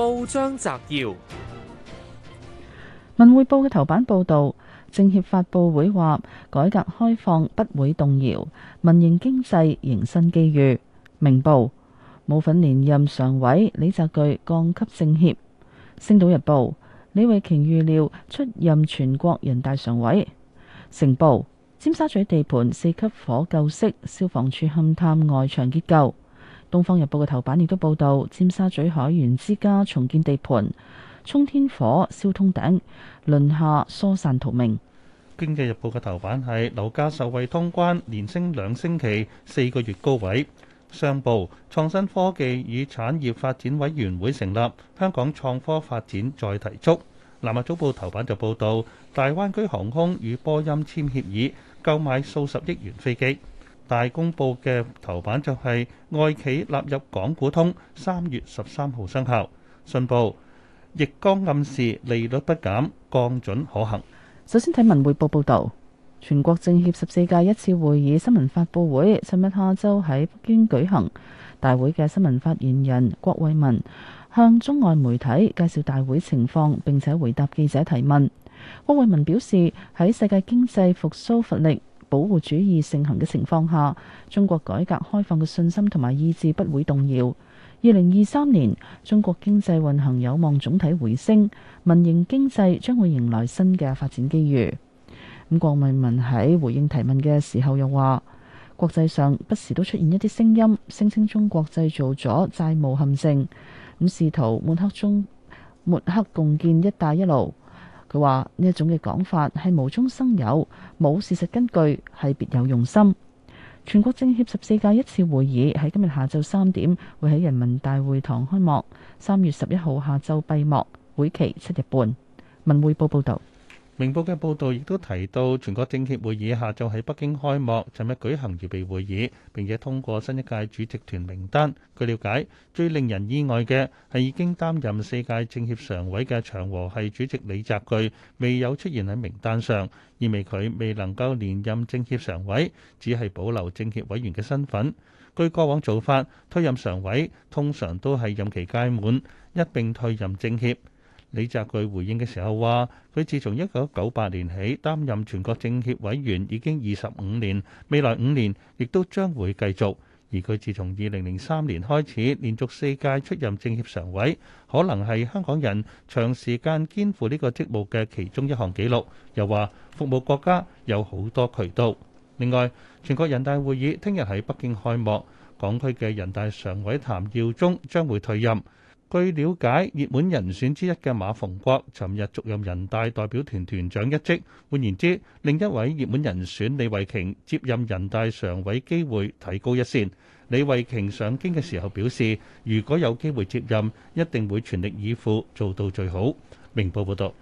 報章摘要：文匯報嘅頭版報道，政協發佈會話改革開放不會動搖，民營經濟迎新機遇。明報，冇份連任常委，李澤钜降級政協。星島日報，李慧瓊預料出任全國人大常委。成報，尖沙咀地盤四級火救熄，消防處勘探外牆結構。《東方日報》嘅頭版亦都報道，尖沙咀海員之家重建地盤，沖天火燒通頂，輪下疏散逃命。《經濟日報》嘅頭版係樓價受惠通關，連升兩星期，四個月高位。《商報》創新科技與產業發展委員會成立，香港創科發展再提速。《南華早報》頭版就報道，大灣區航空與波音簽協議，購買數十億元飛機。大公報嘅頭版就係外企納入港股通，三月十三號生效。信報，易綱暗示利率不減，降準可行。首先睇文匯報報導，全國政協十四屆一次會議新聞發佈會，尋日下晝喺北京舉行。大會嘅新聞發言人郭衛民向中外媒體介紹大會情況，並且回答記者提問。郭衛民表示，喺世界經濟復甦乏力，保護主義盛行嘅情況下，中國改革開放嘅信心同埋意志不會動搖。二零二三年，中國經濟運行有望總體回升，民營經濟將會迎來新嘅發展機遇。咁郭衛民喺回應提問嘅時候又話：國際上不時都出現一啲聲音，聲稱中國製造咗債務陷阱，咁試圖抹黑中抹黑共建一帶一路。佢話呢一種嘅講法係無中生有，冇事實根據，係別有用心。全國政協十四屆一次會議喺今日下晝三點會喺人民大會堂開幕，三月十一號下晝閉幕，會期七日半。文匯報報道。明報嘅報道亦都提到,全國政協會議下晝喺北京開幕,尋日舉行預備會議,並且通過新一屆主席團名單。據了解,最令人意外嘅係已經擔任四屆政協常委嘅長和係主席李澤鉅,未有出現喺名單上,意味佢未能夠連任政協常委,只係保留政協委員嘅身份。據過往做法,退任常委通常都係任期屆滿,一併退任政協。李澤钜回應嘅時候話，佢自從一九九八年起擔任全國政協委員已經二十五年，未來五年亦都將會繼續。而佢自從二零零三年開始，連續四屆出任政協常委，可能係香港人長時間肩負呢個職務嘅其中一項紀錄。又話服務國家有好多渠道。另外，全國人大會議聽日喺北京開幕，港區嘅人大常委譚耀宗將會退任。據了解，熱門人選之一嘅馬逢國，尋日續任人大代表團團長一職。換言之，另一位熱門人選李慧瓊接任人大常委機會提高一線。李慧瓊上京嘅時候表示，如果有機會接任，一定會全力以赴做到最好。明報報道。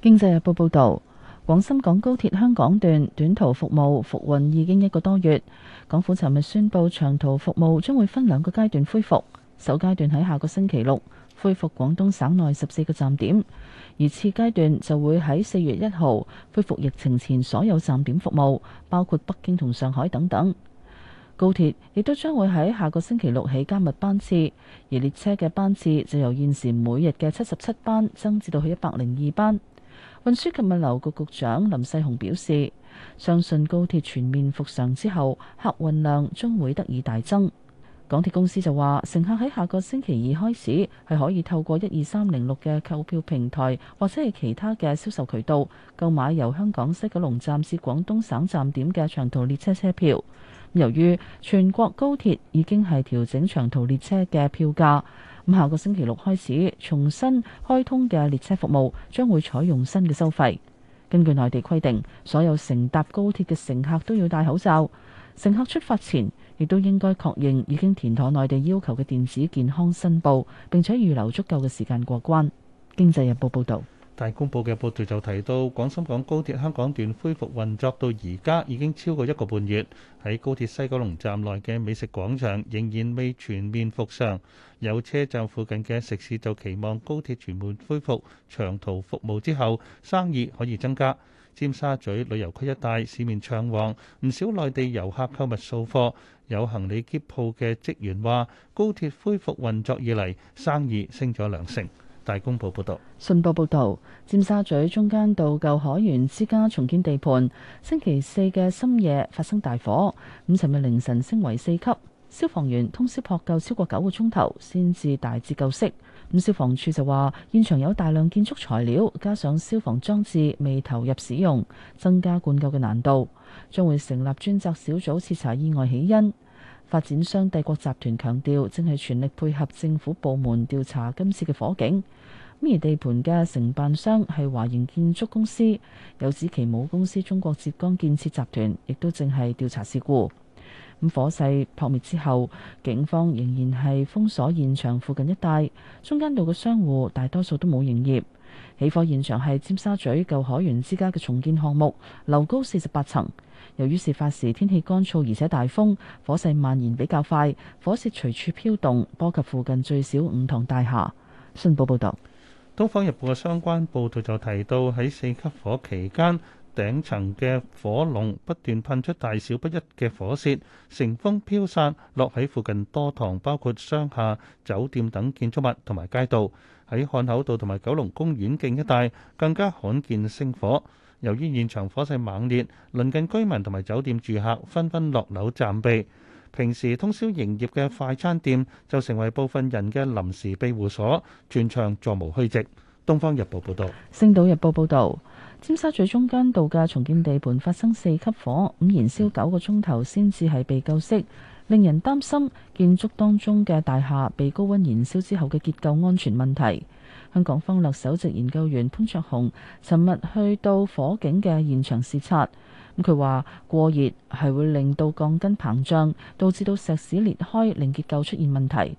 經濟日報報道，廣深港高鐵香港段短途服務復運已經一個多月，港府尋日宣布長途服務將會分兩個階段恢復。首階段喺下個星期六恢復廣東省內十四個站點，而次階段就會喺四月一號恢復疫情前所有站點服務，包括北京同上海等等。高鐵亦都將會喺下個星期六起加密班次，而列車嘅班次就由現時每日嘅七十七班增至到去一百零二班。運輸及物流局局長林世雄表示，相信高鐵全面復常之後，客運量將會得以大增。港鐵公司就話，乘客喺下個星期二開始係可以透過一二三零六嘅購票平台，或者係其他嘅銷售渠道，購買由香港西九龍站至廣東省站點嘅長途列車車票。由於全國高鐵已經係調整長途列車嘅票價，咁下個星期六開始重新開通嘅列車服務將會採用新嘅收費。根據內地規定，所有乘搭高鐵嘅乘客都要戴口罩。乘客出發前，亦都應該確認已經填妥內地要求嘅電子健康申報，並且預留足夠嘅時間過關。經濟日報報導，大公報嘅報道就提到，廣深港高鐵香港段恢復運作到而家已經超過一個半月，喺高鐵西九龍站內嘅美食廣場仍然未全面復常，有車站附近嘅食肆就期望高鐵全面恢復長途服務之後，生意可以增加。尖沙咀旅遊區一帶市面暢旺，唔少內地遊客購物掃貨。有行李寄舖嘅職員話：高鐵恢復運作以嚟，生意升咗兩成。大公報報道：「信報報道，尖沙咀中間道舊海員之家重建地盤，星期四嘅深夜發生大火，五尋日凌晨升為四級，消防員通宵撲救超過九個鐘頭，先至大致救熄。咁消防處就話，現場有大量建築材料，加上消防裝置未投入使用，增加灌救嘅難度，將會成立專責小組徹查意外起因。發展商帝國集團強調，正係全力配合政府部門調查今次嘅火警。咁而地盤嘅承辦商係華營建築公司，有指其母公司中國浙江建設集團亦都正係調查事故。咁火勢撲滅之後，警方仍然係封鎖現場附近一帶。中間道嘅商戶大多數都冇營業。起火現場係尖沙咀舊海員之家嘅重建項目，樓高四十八層。由於事發時天氣乾燥而且大風，火勢蔓延比較快，火舌隨處飄動，波及附近最少五幢大廈。信報報道，東方日報嘅相關報道就提到喺四級火期間。頂層嘅火龍不斷噴出大小不一嘅火屑，乘風飄散，落喺附近多堂，包括商廈、酒店等建築物同埋街道。喺漢口道同埋九龍公園徑一帶更加罕見星火。由於現場火勢猛烈，鄰近居民同埋酒店住客紛紛落樓暫避。平時通宵營業嘅快餐店就成為部分人嘅臨時庇護所，全場座無虛席。《東方日報》報導，《星島日報》報導，尖沙咀中間道嘅重建地盤發生四級火，咁燃燒九個鐘頭先至係被救熄，令人擔心建築當中嘅大廈被高溫燃燒之後嘅結構安全問題。香港方略首席研究員潘卓雄尋日去到火警嘅現場視察，咁佢話過熱係會令到鋼筋膨脹，導致到石屎裂開，令結構出現問題。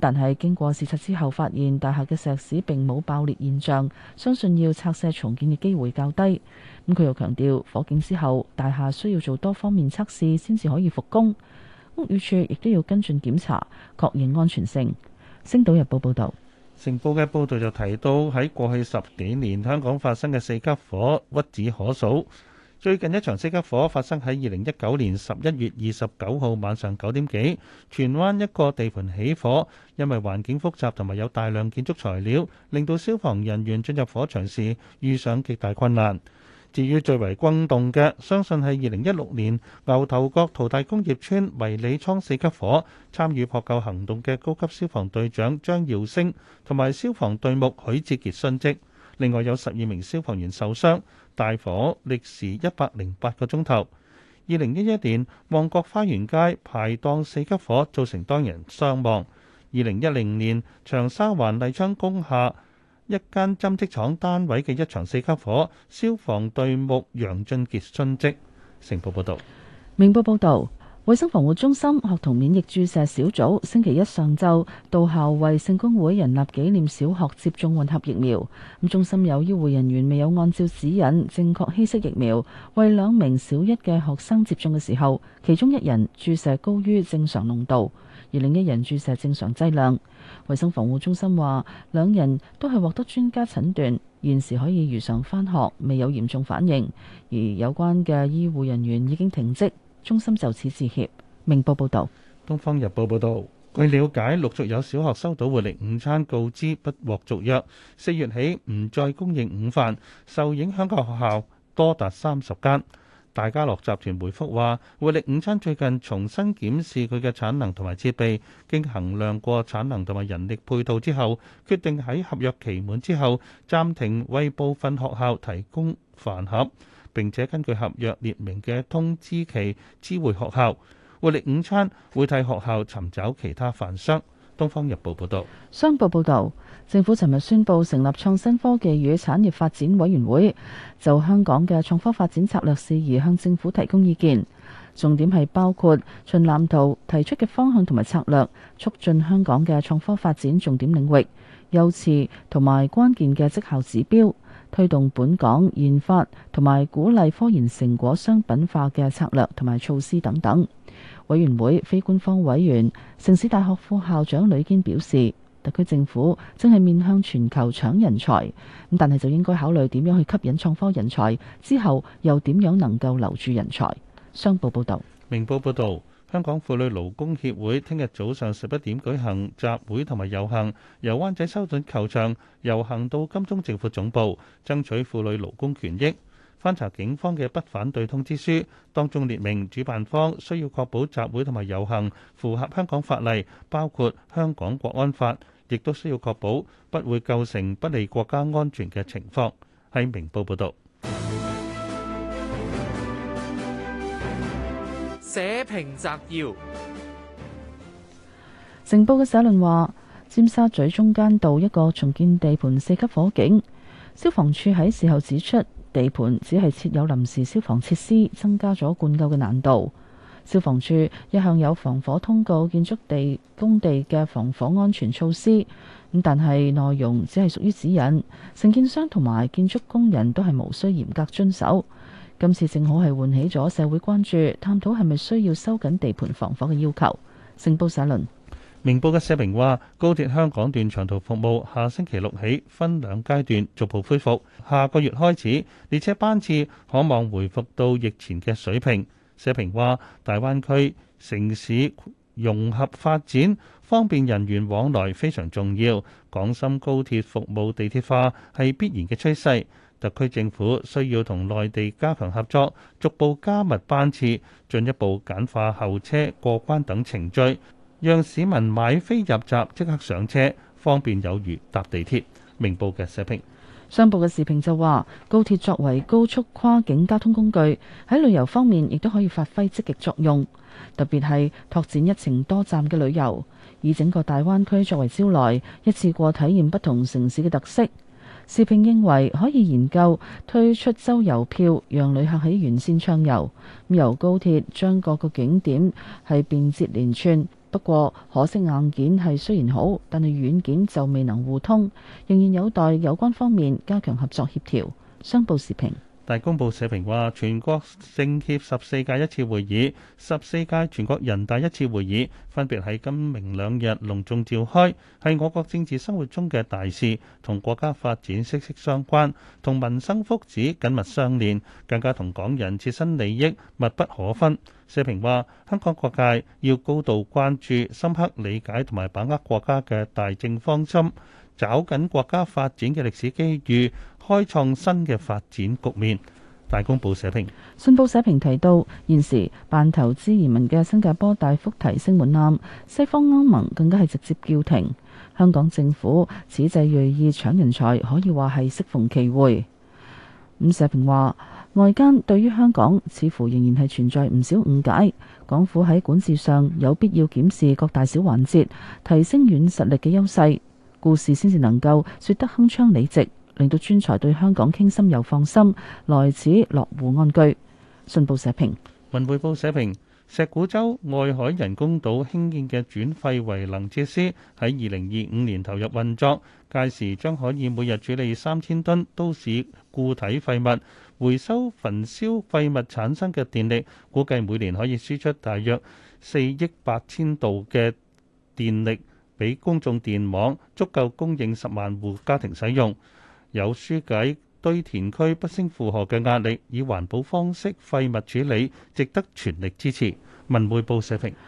但係經過試測之後，發現大廈嘅石屎並冇爆裂現象，相信要拆卸重建嘅機會較低。咁佢又強調，火警之後大廈需要做多方面測試，先至可以復工。屋宇署亦都要跟進檢查，確認安全性。星島日報報道，成報嘅報導就提到喺過去十幾年，香港發生嘅四級火屈指可數。最近一場四級火發生喺二零一九年十一月二十九號晚上九點幾，荃灣一個地盤起火，因為環境複雜同埋有大量建築材料，令到消防人員進入火場時遇上極大困難。至於最為轟動嘅，相信係二零一六年牛頭角淘大工業村迷你倉四級火，參與撲救行動嘅高級消防隊長張耀升同埋消防隊目許志傑殉職。另外有十二名消防員受傷，大火歷時一百零八個鐘頭。二零一一年，旺角花園街排檔四級火造成多人傷亡。二零一零年，長沙灣麗昌工廈一間針織廠單位嘅一場四級火，消防隊目楊俊杰殉職。成報報道，明報報道。衛生防護中心學童免疫注射小組星期一上晝到校為聖公會仁立紀念小學接種混合疫苗。咁中心有醫護人員未有按照指引正確稀釋疫苗，為兩名小一嘅學生接種嘅時候，其中一人注射高於正常濃度，而另一人注射正常劑量。衛生防護中心話，兩人都係獲得專家診斷，現時可以如常翻學，未有嚴重反應，而有關嘅醫護人員已經停職。中心就此致歉。《明報》報道，《東方日報》報道，據了解，陸續有小學收到活力午餐告知，不獲續約。四月起唔再供應午飯，受影響嘅學校多達三十間。大家樂集團回覆話，活力午餐最近重新檢視佢嘅產能同埋設備，經衡量過產能同埋人力配套之後，決定喺合約期滿之後暫停為部分學校提供飯盒。並且根據合約列明嘅通知期，知會學校。活力午餐會替學校尋找其他飯商。《東方日報》報導。商報報導，政府尋日宣布成立創新科技與產業發展委員會，就香港嘅創科發展策略事宜向政府提供意見。重點係包括巡覽圖提出嘅方向同埋策略，促進香港嘅創科發展重點領域、優次同埋關鍵嘅績效指標。推動本港研發同埋鼓勵科研成果商品化嘅策略同埋措施等等。委員會非官方委員、城市大學副校長呂堅表示，特區政府正係面向全球搶人才，咁但係就應該考慮點樣去吸引創科人才，之後又點樣能夠留住人才。商報報道。明報報導。香港婦女勞工協會聽日早上十一點舉行集會同埋遊行，由灣仔修頓球場遊行到金鐘政府總部，爭取婦女勞工權益。翻查警方嘅不反對通知書，當中列明主辦方需要確保集會同埋遊行符合香港法例，包括香港國安法，亦都需要確保不會構成不利國家安全嘅情況。喺明報報道。社評摘要，成報嘅社論話：尖沙咀中間道一個重建地盤四級火警，消防處喺事後指出，地盤只係設有臨時消防設施，增加咗灌救嘅難度。消防處一向有防火通告建築、建築地工地嘅防火安全措施，咁但係內容只係屬於指引，承建商同埋建築工人都係無需嚴格遵守。今次正好係喚起咗社會關注，探討係咪需要收緊地盤防火嘅要求。成報社論。明報嘅社評話：高鐵香港段長途服務下星期六起分兩階段逐步恢復，下個月開始列車班次可望回復到疫前嘅水平。社評話：大灣區城市融合發展，方便人員往來非常重要，港深高鐵服務地鐵化係必然嘅趨勢。特區政府需要同內地加強合作，逐步加密班次，進一步簡化候車過關等程序，讓市民買飛入閘即刻上車，方便有餘搭地鐵。明報嘅社評。商報嘅時評就話，高鐵作為高速跨境交通工具，喺旅遊方面亦都可以發揮積極作用，特別係拓展一程多站嘅旅遊，以整個大灣區作為招來，一次過體驗不同城市嘅特色。市評認為可以研究推出周遊票，讓旅客喺沿線暢遊。咁由高鐵將各個景點係便捷連串，不過可惜硬件係雖然好，但係軟件就未能互通，仍然有待有關方面加強合作協調。商報市評。大公報社評話，全國政協十四屆一次會議、十四屆全國人大一次會議分別喺今明兩日隆重召開，係我國政治生活中嘅大事，同國家發展息息相關，同民生福祉緊密相連，更加同港人切身利益密不可分。社評話，香港各界要高度關注、深刻理解同埋把握國家嘅大政方針，抓緊國家發展嘅歷史機遇。開創新嘅發展局面。大公報社評，信報社評提到，現時辦投資移民嘅新加坡大幅提升門檻，西方歐盟更加係直接叫停。香港政府此際銳意搶人才，可以話係適逢其會。咁社評話，外間對於香港似乎仍然係存在唔少誤解，港府喺管治上有必要檢視各大小環節，提升軟實力嘅優勢，故事先至能夠說得鏗鏘理直，令到專才對香港傾心又放心來此落戶安居。信報社評。文匯報社評，石鼓洲外海人工島興建嘅轉廢為能設施喺二零二五年投入運作，屆時將可以每日處理三千噸都市固體廢物，回收焚燒廢物產生嘅電力，估計每年可以輸出大約四億八千度嘅電力，俾公眾電網，足夠供應十萬戶家庭使用。有疏解堆填區不勝負荷嘅壓力，以環保方式廢物處理，值得全力支持。文匯報社評。